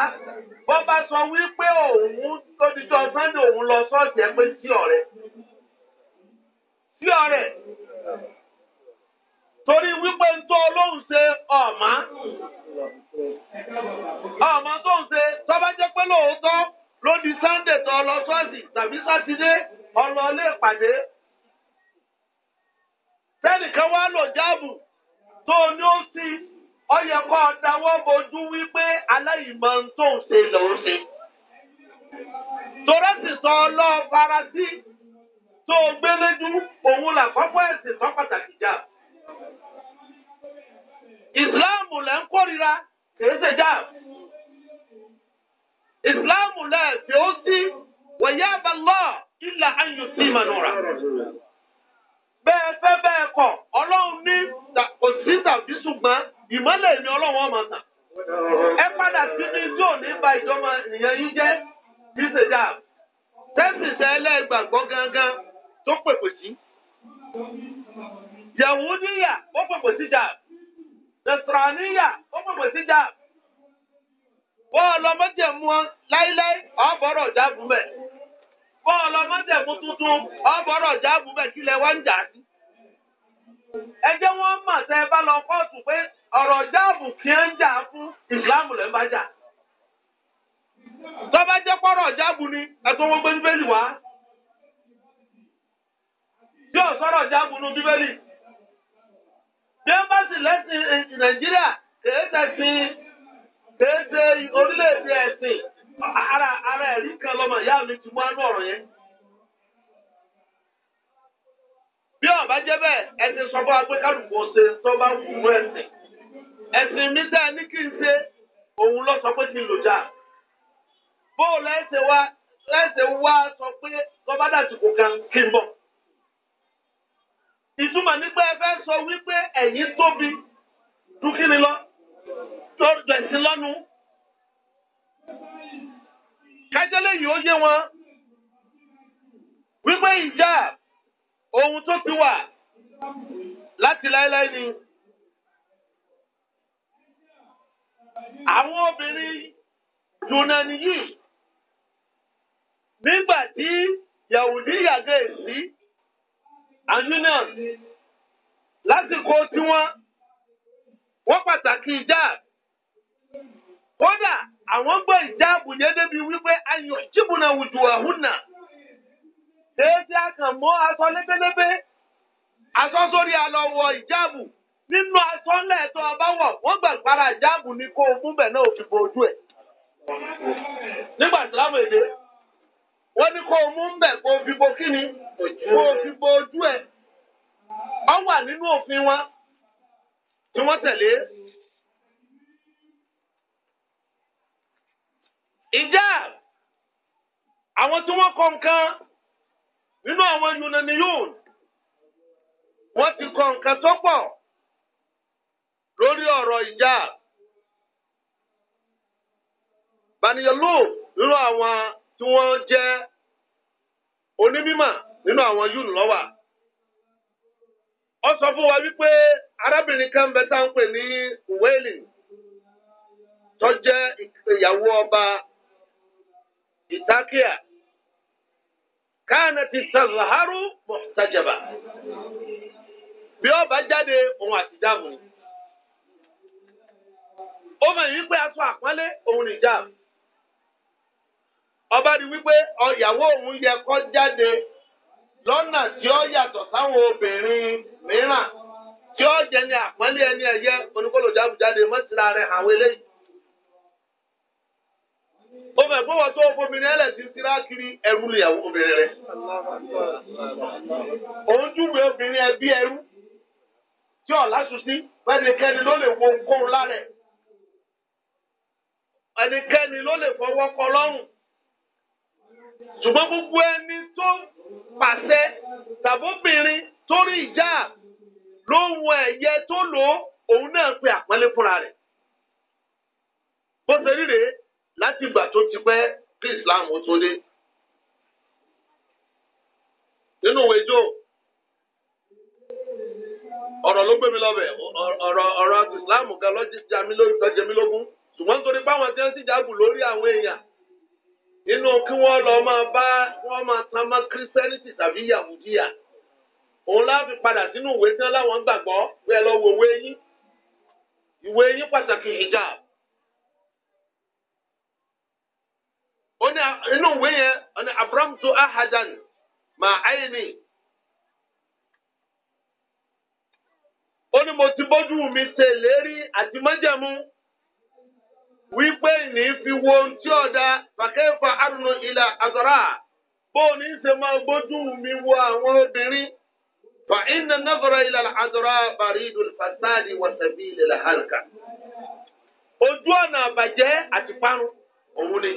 bọ́ bá sọ wípé òun tó ti òun lọ sọ́ọ̀tì ẹ sí ọ̀rẹ́. Sí ọ̀rẹ́. Torí wípé ń tó olóhùn ọ̀mà. Ọ̀mà tó ń ṣe jẹ́ pé lóòótọ́ di tó lọ sọ́ọ̀tì tàbí Sátidé ọlọ́ọ̀lẹ́ ìpàdé. Sẹ́nìkan tó o ní ó sì ọ yẹ kó o dáwọ́ bojú wípé aláìmọ̀ tó ń ṣe ló ń ṣe. torọ́sì sọ ọlọ́ọ̀ sí tó o gbé lójú òun là ẹ̀sìn pàtàkì jà. ìsìláàmù lẹ́ ń kórira kìí ṣe jà. ìsìláàmù bẹ́ẹ̀ fẹ́ bẹ́ẹ̀ kọ̀ ọlọ́run ní kò sí tàbí ṣùgbọ́n ìmọ́lẹ̀ mi ọlọ́run ọmọ tàn. ẹ padà sí ní tí ò ní ba ìjọba ènìyàn yín jẹ́ kí ṣe dáa tẹ́sí ṣe ẹlẹ́gbàgbọ́ gangan tó pèpè sí. yẹ̀wò níyà ó pèpè sí dáa nẹ̀sìràníyà ó pèpè sí dáa. bọ́ọ̀lù ọmọdé mu láíláí ọ̀bọ̀rọ̀ jágun bẹ́ẹ̀. bọ́ọ̀lù ọmọdébù tuntun ọgbọrọ jáàbù bẹ́ẹ̀ kí wá ń jà sí. ẹ jẹ́ wọ́n mọ̀ kí ẹ ń fún ìsìláàmù lẹ́ bá jà. tó bá jẹ́ ni ẹ̀tọ́ wọn gbé wá. bí nu bíbélì. bí ẹ bá sì lẹ́sìn ara ara ẹ̀rí kan lọ́mọ ìyá mi ti wá ní ọ̀rọ̀ yẹn. bí ọba jẹ́ bẹ́ẹ̀ ẹsìn sọ fún agbẹkálùkù ọsẹ tó bá wù ú ẹsìn ẹsìn mi dá ní kí n ṣe òun lọ sọ pé kí n lò já bóòlù ẹsẹ wa ẹsẹ wa sọ pé lọba dàtìkù kan kí n bọ̀. ìtumọ̀ nípa ẹ fẹ́ sọ wípé ẹ̀yin tóbi dúkìrì lọ tó dẹ̀sí lọ́nu kájẹ́lẹ̀ yìí ó yé wọn wípé ìjà ohun tó ti wà láti láéláé ni àwọn obìnrin dùnà nìyí nígbà tí yahudi yàgé sí àyúnà lásìkò tiwọn wọ́n pàtàkì ìjà kódà. àwọn gbọ́ ìjáàbù yẹn débi wípé ayọ̀ jíbùnà wùjù àhúnà déédéé àkànmọ́ aṣọ lébélébé aṣọ sórí alọ́wọ́ ìjáàbù nínú aṣọ lẹ́ẹ̀tọ́ abáwọ̀ wọ́n gbà para ìjáàbù ní kó o múbẹ̀ e. náà fi bo ojú ẹ̀. nígbà ìsìlámù èdè wọ́n ní omume mú mbẹ̀ kó fi bo kíni kó fi bo ojú ẹ̀. ìjáàb àwọn tí wọ́n kọ nǹkan nínú àwọn yunaniyun wọ́n ti kọ nǹkan tó pọ̀ lórí ọ̀rọ̀ ìjáàb baniyalu nínú àwọn tí wọ́n jẹ́ onímímà nínú àwọn yun lọ́wà ó sọ fún wa wípé arábìnrin kan bẹ tá à ń pè ní wẹ́ẹ̀lì tó jẹ́ ìyàwó ọba ìtàkìyà káànà ti sàlùhárù mọ̀tàjàbà bí ó bá jáde òun àtijáàmù ni ó mọ̀ yìí pé aṣọ ọba rí wípé ọ̀yàwó ohun yẹ kó jáde lọ́nà tí ó yàtọ̀ sáwọn obìnrin mìíràn tí ó jẹ ní àpọ́nlé ẹni jáde ó mọ̀ pé wọ́n tó obìnrin ẹlẹ̀ ti tira kiri ẹrú ìyàwó obìnrin rẹ̀. òun júwe obìnrin ẹbí ẹrú tí ọ̀la sùn sí ẹnikẹ́ni ló lè wo ohunkóhun lára ẹ̀ ẹnikẹ́ni ló lè fọwọ́ kọ lọ́rùn ṣùgbọ́n gbogbo ẹni tó pàṣẹ tàbóbìnrin torí ìjà lóhun ẹ̀yẹ tó lò ó òun náà pe àpọ́nlé fúnra rẹ̀ bó ṣe rí láti ìgbà tó ti pẹ́ kí Islam tó dé. nínú ìwé Jó ọ̀rọ̀ ló gbé mi lọ́bẹ̀ ọ̀rọ̀ ọ̀rọ̀ Islam kan lọ́jẹ̀ mi lógún ṣùgbọ́n nítorí báwọn ti ń lórí àwọn èèyàn nínú kí wọ́n lọ máa bá wọ́n máa tan mọ́ kírísítẹ́nìtì tàbí yahudiya òun láàfin padà sínú ìwé tí wọ́n láwọn gbàgbọ́ bí ẹ lọ wo ìwé yín ìwé yín pàtàkì hijab ọ̀nà inú ìwé yẹn ọ̀nà abramtu ahadan mà ayé ni. ó ní mo ti bójú mi ṣe ìlérí àti májẹ̀mú wípé ní fi wo ohun tí ọ̀dà fàkẹ́fà àrùn ilà àgọ́rà bó o ní ṣe bójú mi wo àwọn obìnrin fa iná nàgọ́rà ilà àgọ́rà baridul fasadi wàtàbí ilẹ̀ làhálùkà. ojú ọ̀nà àbàjẹ́ àti parun. òun ni.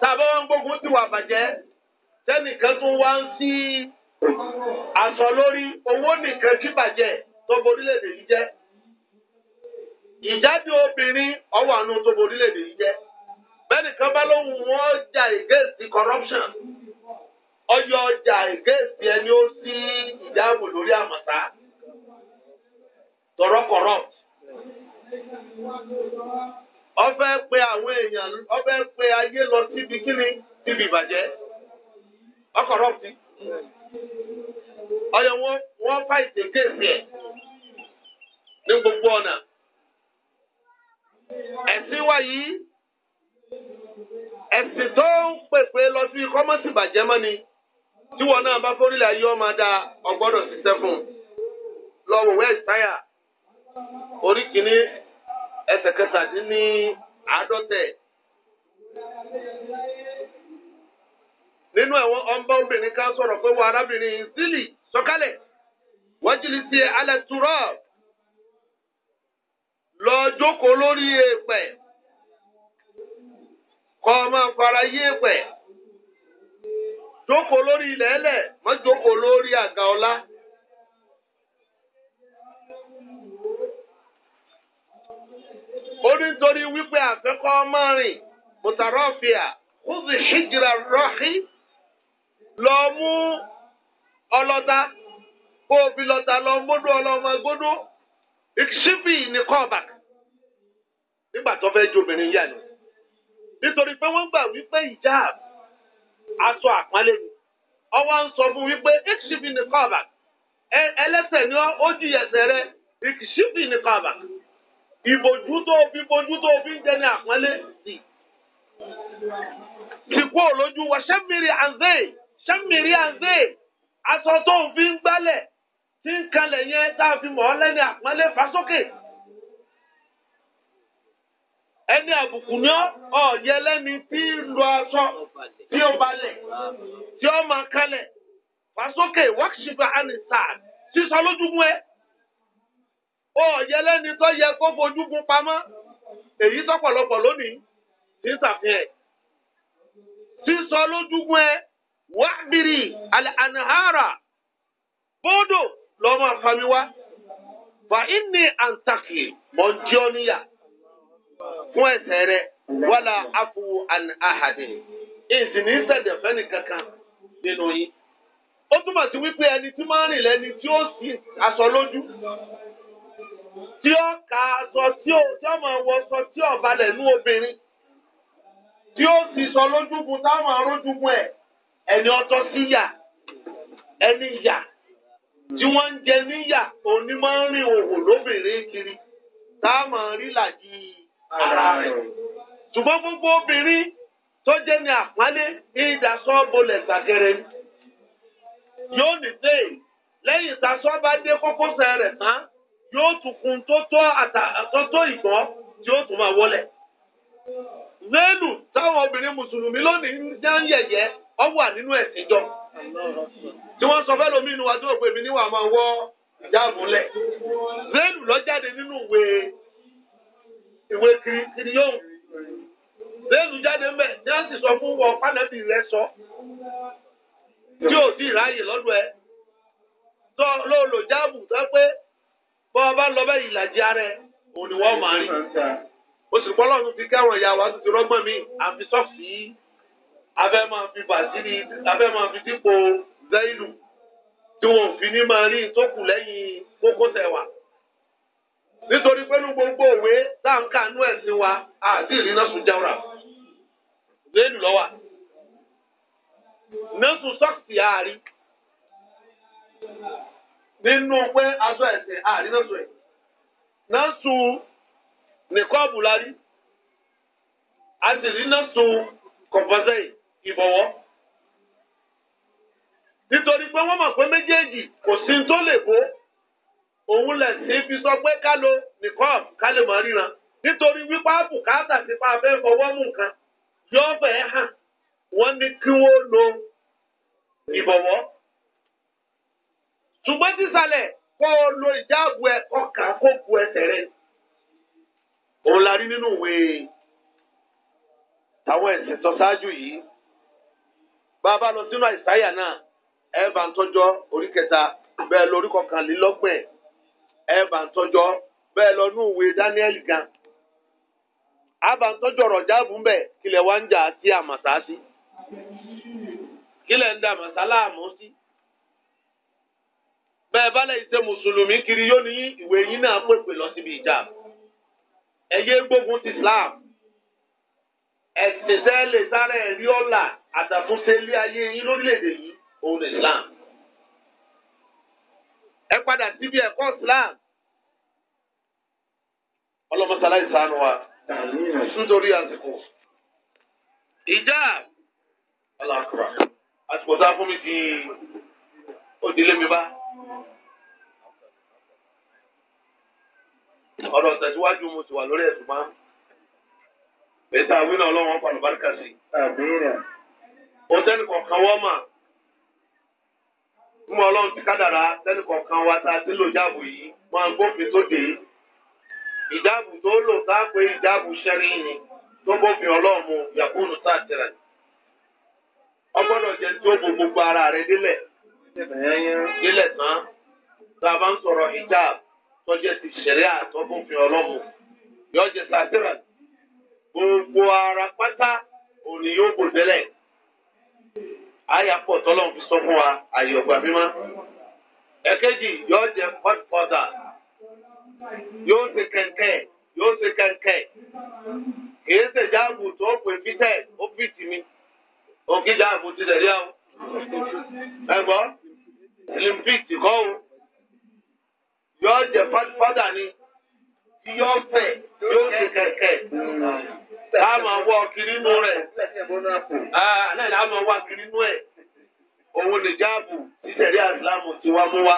tàbá wọn gbógun ti wà bàjẹ́ tẹ́nìkan tún wá ń sí aṣọ lórí owó nìkan tí bàjẹ́ tó borílẹ̀-èdè yìí jẹ́. ìjáde obìnrin ọwọ́ àánú tó borílẹ̀-èdè yìí jẹ́. bẹ́nìkan bá lóhùn wọn jà against corruption ọyọ ọjà ìgéèsì ẹni ó sí ìdáàbò lórí àmọ̀tá tọrọ corrupt. ọfẹ́ pe àwọn èèyàn ọfẹ́ pe ayé lọ síbi kíni síbi ìbàjẹ́ ọkọ̀rọ̀pì ọyọ wọn wọn fà ìtẹ̀kẹ́ ìfẹ́ ní gbogbo ọnà ẹ̀sìn wa yìí ẹ̀sìn tó ń pèpè lọ sí kọ́mọ́sì bàjẹ́ ni tí wọn náà bá fún ẹsẹ̀ kẹsàdín ní àádọ́tẹ̀. nínú ẹ̀wọ̀n ọmọ obìnrin kan sọ̀rọ̀ pé wọ arábìnrin zili sọ̀kalẹ̀ wọ́n jìlì lọ lórí èèpẹ̀ kọ́ fara yí èèpẹ̀ jókòó lórí ilẹ̀ ẹlẹ̀ lórí nítorí wípé àfẹ́kọ́ mọ́rin mùtàrọ́fìà kùsì hijira rọ́ọ̀kì lọ mú ọlọ́ta kó o fi lọ́ta lọ gbódò ọlọ́mọ gbódò ìṣíbì ní kọ́ọ̀bàk nígbà tó fẹ́ ju obìnrin yá ni nítorí pé wọ́n gbà wípé ìjáàb aṣọ àpọ́nlé ni ọwọ́ ń sọ fún wípé ìṣíbì ní kọ́ọ̀bàk ẹlẹ́sẹ̀ ni ó jìyà ẹsẹ̀ rẹ ní kọ́ọ̀bàk ìbòjú tó fi bojú tó fi ń jẹni àpọ́nlé kíkó lójú wa sẹ́mìrì àǹzé sẹ́mìrì àǹzé aṣọ tó fi ń gbálẹ̀ tí ń kalẹ̀ yẹn tá a fi mọ̀ ọ́ lẹ́ni àpọ́nlé fásókè ẹni àbùkù ni ọ yẹ lẹ́ni tí ń lo aṣọ tí ó balẹ̀ tí ó máa kalẹ̀ fásókè wákìsìgbà ànìsàn sísọ lójú ẹ ọ̀yẹ́ lẹ́ni tó yẹ kó fojúgun pamọ́ èyí tọ́pọ̀lọpọ̀ lónìí ti ń sàfihàn ẹ̀. sísọ lójúgun ẹ wábìrì àlànàhárà bódò lọ́mọ àfàmì wa fa inni àǹtàkì mọ̀ ń jẹ́ níyà fún ẹ̀ṣẹ̀ rẹ̀ wàlà àfù àn àhàdì èsì ní sẹ̀dẹ̀ fẹ́ni kankan nínú yín. ó túmọ̀ sí wípé ẹni tí máa ń rìn lẹ́ni tí ó sì aṣọ lójú tí ó ka aṣọ tí ó tí ọmọ wọṣọ tí ó balẹ̀ nú obìnrin tí ó sì sọ lójúkun táwọn arójúkun ẹ̀ ẹni ọtọ́ sí yà ẹni yà tí wọ́n ń jẹ níyà òní máa ń rìn òwò lóbìnrin kiri táwọn rí làjì ara rẹ̀ ṣùgbọ́n gbogbo obìnrin tó jẹ́ ní àpálé ìdásọ́ bolẹ̀ gbàgẹ̀rẹ̀ ni yóò ní dé lẹ́yìn ìdásọ́ bá dé kókósẹ̀ rẹ̀ tán. yóò tún tó tọ́ àtàtọ́ tó ìgbọ́n tí ó tún máa wọlẹ̀. Véèlù táwọn obìnrin Mùsùlùmí lónìí jẹ́ ń yẹ̀yẹ́ ọ nínú ẹ̀sìn jọ. Tí wọ́n sọ fẹ́ lómi inú níwà máa wọ lọ jáde nínú ìwé ìwé jáde mbẹ̀ ní a sì sọ fún rẹ sọ. Tí ò sí ìráyè lọ́dọ̀ Tọ́ bọ́ ọ bá lọ bẹ́ẹ̀ ìlàjì ara ẹ̀ òun ni wọ́n máa rí o sì pọ́lọ́ tún ti káwọn ìyá wa tún ti rọ́gbọ́n mi àfi sọ́ọ̀sì abẹ́ máa fi bàtírí abẹ́ máa fi dípò zẹ́ìlù tí wọn ò fi ní máa rí tó kù lẹ́yìn kókósẹ̀ wa nítorí pé ní gbogbo òwe tá à ń kà nú ẹ̀sìn wa àti ìrìnà sùn jáwra zẹ́ìlù lọ́wà nẹ́sùn sọ́ọ̀sì àárín. nínú pé aṣọ ẹ̀sìn na ẹ̀ náà sun nìkọ́ àbùlárí àtìrí náà sun kọ̀ǹfọ̀sẹ̀ ìbọ̀wọ́. nítorí pé wọ́n mọ̀ pé méjèèjì kò sí tó lè bó òun lẹ̀ sí fi sọ pé ká lo nìkọ́ ká lè mọ̀ ríran nítorí wípé àbùkátà ti pa abẹ́ fọwọ́ mú nǹkan yọ ọ́ hàn wọ́n ní kí lo ìbọ̀wọ́. ṣùgbọ́n sísàlẹ̀ kó o lo ìjáàbù ẹ ọkà kó bu ẹsẹ̀ rẹ. òun la nínú ìwé àwọn ẹ̀sìn ṣáájú yìí lọ sínú àìsáyà náà ẹ bá ń tọ́jọ́ orí kẹta bẹ́ẹ̀ lórí ẹ bá ń lọ ìwé Daniel gan ń tọ́jọ́ ọ̀rọ̀ jáàbù kílẹ̀ wá ń jà sí bẹ́ẹ̀ bá lẹ́yìn mùsùlùmí kiri yóò ní ìwé yín náà pèpè lọ síbi ìjà gbógun ti Islam ẹ̀sìn lè sáré ẹ̀rí ọ̀la àtàkùnṣe ilé ayé yín lórílẹ̀ yìí òun Islam ẹ padà síbi ẹkọ Islam ọlọ́mọsálá ìsànù wa nítorí àsìkò ìjà ọlọ́kùnrin àsìkò mi ó dilé mi ọ̀rọ̀ tẹ̀síwájú mo sì wà lórí ẹ̀sùn máa ń. Ètò àwìn náà ọlọ́wọ́n pa àlùbáríkà sí. O tẹ́nì kọ̀ọ̀kan wọ́n mà. Mú ọlọ́run ti kádàrá tẹ́nì kọ̀ọ̀kan wa ta sí lò yìí máa gbófin tó dé. tó lò gbogbo ara gbélẹ̀ tán tá a bá ń sọ̀rọ̀ hijab tọ́jẹ́ ti ṣẹ̀ríà àtọ́kùnfin ọlọ́mù yóò jẹ sàtìrà gbogbo ara pátá òní yóò bò tẹ́lẹ̀ àyàpọ̀ tọ́lọ́mù fi sọ fún wa àyè ọ̀gbà ẹ̀kẹ́jì yóò jẹ pọ́tpọ́tà yóò ṣe kẹ̀kẹ́ yóò ṣe kẹ̀kẹ́ kìí ṣe jáàbù tó pè fítẹ̀ ó fìtì mi òkè jáàbù ti ẹ̀gbọ́n. olympic kọ́ o yọ jẹ fada ni yọọ yọ fẹ yóò ṣe kẹkẹ wọ kiri rẹ a máa wọ kiri ẹ òun lè jáàbù títẹ̀lé àsìlámù ti wa.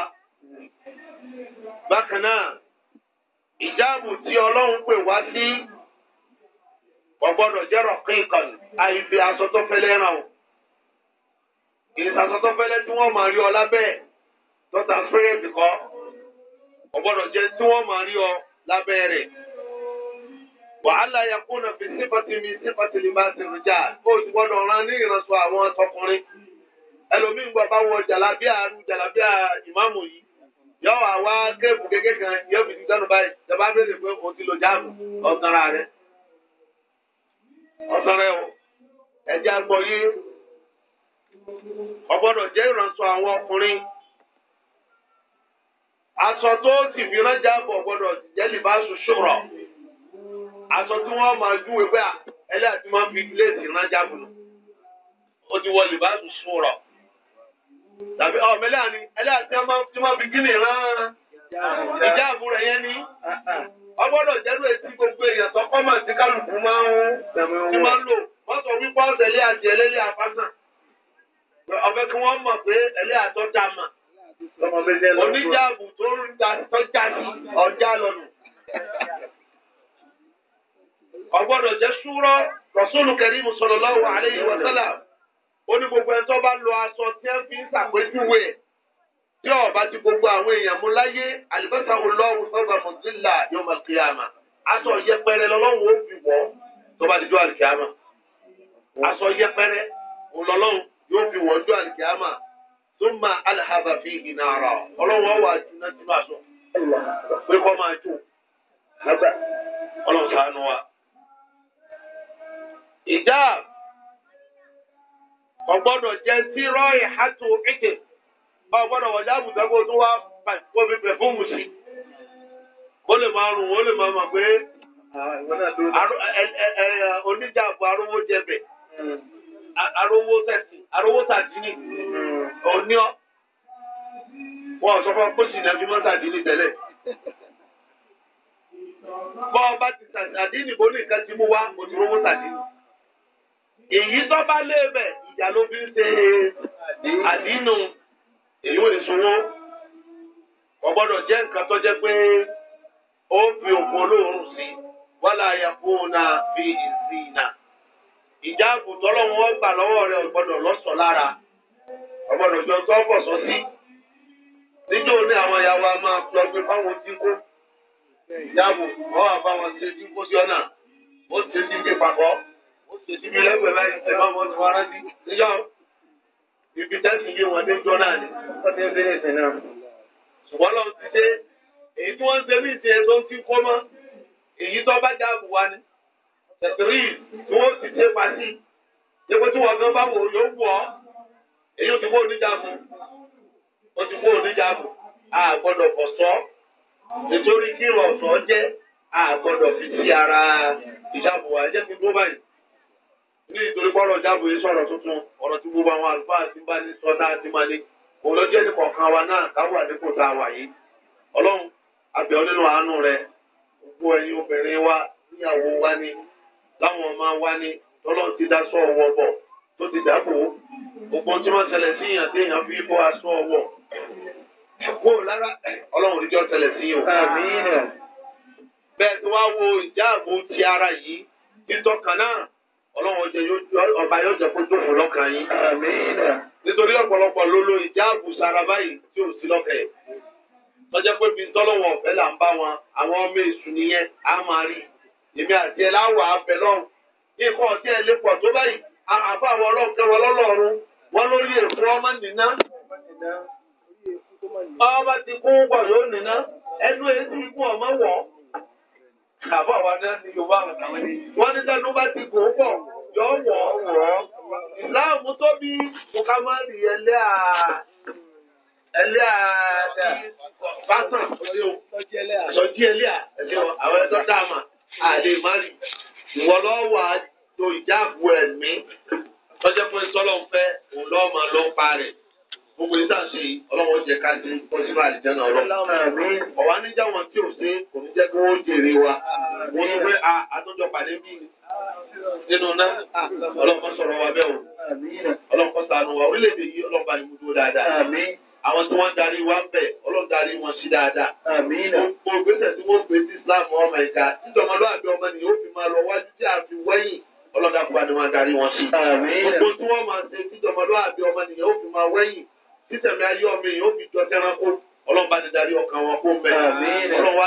bákan náà ìjáàbù tí ọlọ́run pè wá sí ọgbọ́dọ̀ jẹ́rọ̀ kíkan àìfi ìrìnsàsọ tó fẹ́lẹ́ tí wọ́n máa rí ọ lábẹ́ dọ́tà fírèmì kọ́ ọ̀gbọ́dọ̀ jẹ́ tí wọ́n máa rí ọ lábẹ́ rẹ̀. wàhálà yakuna fi sípàtì mi sípàtì lè máa tẹ̀rù jà ó ti gbọ́dọ̀ rán ní ìrànṣọ àwọn tọkùnrin. ẹlòmíín gbà bá wọ jàlábíà arú jàlábíà ìmáàmù yìí yọ wà wá kéèpù kékeré kan yóò fi ti dánù báyìí jọba béèrè pé òun ti lo jáàmù ọ̀gánra rẹ̀ ọ̀sán rẹ̀ o ẹ̀jẹ̀ àgbọ̀ yìí. Ọgbọdọ jẹ́ ìránṣọ àwọn ọkùnrin aṣọ tó sì fi ránjà bọ̀ gbọ́dọ̀ jẹ́ libaṣu ṣòro aṣọ tí wọ́n máa júwe pé ẹlẹ́ àti máa fi gíléèsì ránjà ó ti wọ libaṣu ṣòro tàbí ọmọ ẹlẹ́ àní àti fi rán ìjà ni Ọgbọdọ etí gbogbo èèyàn tó sí kálukú máa ń lò sọ wípé ọ̀sẹ̀ lé àti ọbẹ̀ kí wọ́n mọ̀ pé ẹlẹ́ àtọ́ dá mà oníjàbù tó ń da tọ́jà sí ọjà lọ́nu. ọgbọ́dọ̀ jẹ́ súrọ́ Rasulu Karimu sallallahu alayhi wa sallam ó ní gbogbo ẹni tó bá lo aṣọ tí ẹ fi ń ṣàpèjúwe tí ọba ti gbogbo àwọn èèyàn mú láyé àlùbọ́sà olóòwò sọ́gbà mọ̀tílà yóò máa kí àmà aṣọ yẹpẹrẹ lọ́lọ́run ó fi wọ́ tó bá ti dó àlùkí àmà aṣọ yẹpẹrẹ òun lọ́lọ́run yóò fi wọ́jọ́ àlìkíámà tó máa alihaba fi ìhìnà ara ọlọ́wọ́ wà jùlọ sínú aṣọ pé kọ́ máa jù lágbà ọlọ́run wa. ìjà ọgbọ́dọ̀ jẹ́ sí rọ́ọ̀yì hàtó ètè ọgbọ́dọ̀ wọ̀já àbùdá kó tó wá ó lè máa rùn ó lè máa mọ̀ pé ah, arówó sẹ̀sìn arówó sàdínì mm-hmm. òní ọ wọn sọ ọ sàdínì tẹ́lẹ̀ bọ́ ti sàdínì bó ní nǹkan ti mú wá mo ti rówó sàdínì èyí tó bá lé bẹ̀ ìjà ló fi ń ṣe àdínù èyí ò gbọ́dọ̀ fi òkú olóòórùn ìjáàbù tọ́lọ́wọ́ gbà lọ́wọ́ rẹ ọ̀gbọ́dọ̀ lọ́sọ̀ lára ọ̀gbọ́dọ̀ jọ tó ọ̀pọ̀ sọ sí. níjó ní àwọn ìyàwó a máa fi ọgbẹ́ fáwọn tí kó ìjáàbù ọ̀ àbáwọn ṣe tí kó sí ọ̀nà ó ṣe sí ibi papọ̀ ó ṣe sí ibi lẹ́gbẹ̀ẹ́ láyé ṣe máa wọ́n ti wá rántí níjọ́ ibi tẹ́sí yé wọn níjọ́ náà ni ṣùgbọ́n lọ́n ti dé èyí tí wọ́n ń ṣe ní ìṣe tó ń ti kọ́ mọ́ èyí tó bá jáàbù wa ni. tẹ̀sírì tí wọ́n sì dé pa sí. Yẹ́pẹ́ tí wọ́n gan bá wò yóò wù ọ́. Èyí ti kó oníjà mu. Ó ti kó oníjà mu. A gbọ́dọ̀ kọ̀ sọ́. Nítorí kí ìrọ̀ ọ̀sán jẹ́ a gbọ́dọ̀ fi ara wa. tí gbogbo àwọn àlùfáà a wà yìí. Ọlọ́run nínú àánú rẹ̀. Gbogbo ẹ̀yin láwọn ọmọ wa ní tọ́lọ́n ti dá sọ ọwọ́ bọ̀ tó ti dàbò òpó tí wọ́n ṣẹlẹ̀ sí yàn tí èèyàn fi bọ́ aṣọ ọwọ́ kó lára ọlọ́run níjọ́ ṣẹlẹ̀ sí yàn. bẹ́ẹ̀ tí wàá wo ìjáàbò ti ara yìí nítọ́kàn náà ọlọ́run ọba yóò jẹ́ kó jókòó lọ́kàn yín. nítorí ọ̀pọ̀lọpọ̀ ló lo ìjáàbò sara báyìí tí ò sí lọ́kàn yìí. tọ́jọ́ pé bí tọ́lọ́wọ̀ ọ̀fẹ́ là ń bá wọn àwọn ọmọ èṣù nìyẹn á máa rí èmi àti ẹ láwọ abẹ lọ́rùn ikọ̀ ọtí ẹ lè pọ̀ tó báyìí àbá àwọn ọlọ́run kẹwọn lọ́lọ́run wọn lórí èkó ọmọ nìna ọba ti kú pọ̀ yóò nìna ẹnu èsì ikú ọmọ wọ̀ àbá àwọn adá ni yorùbá wọn ní sẹ́nu bá ti kú pọ̀ yọ wọ̀ wọ̀ láàmú tóbi kò ká má rí ẹlẹ́ à ẹlẹ́ à bátàn sọjí ẹlẹ́ à ẹlẹ́ àwọn ẹ̀tọ́ dáa mà àlèmọ́rì ìwọ lọ́ọ́ wà á lo ìjáàbù ẹ̀mí lọ́jọ́ pé sọ́lọ́ ń fẹ́ òun lọ́ọ́ máa ló ń pa rẹ̀ gbogbo yìí tá a ṣe ọlọ́wọ́ jẹ ká ṣe fún sínú àlìjáná ọlọ́run ọ̀wá wọn tí ò ṣe kò ní jẹ́ kí wọ́n jèrè wa wọ́n ní pé àtúnjọ pàdé bí nínú náà ọlọ́kọ́ sọ̀rọ̀ wa bẹ́ẹ̀ o ọlọ́kọ́ ṣàánú wa orílẹ̀ yìí ọlọ́ba ìmúdó dáadáa àwọn tí wọ́n darí wa bẹ̀ ọlọ́run darí wọn sí dáadáa. àmínà. gbogbo ìgbésẹ̀ tí wọ́n gbé sí islam ọmọ ẹ̀ka títọ́mọlúwàbí ọmọ ni yóò fi máa lọ wájú tí a fi wẹ́yìn ọlọ́run dàpọ̀ ni wọ́n darí wọn sí. gbogbo tí wọ́n máa ṣe títọ́mọlúwàbí ọmọ ni yóò fi máa wẹ́yìn títẹ̀mí ayé ọmọ yóò fi jọ tẹ́ranko ọlọ́run bá ti darí ọkàn wọn kó mẹ́. ọlọ́run wá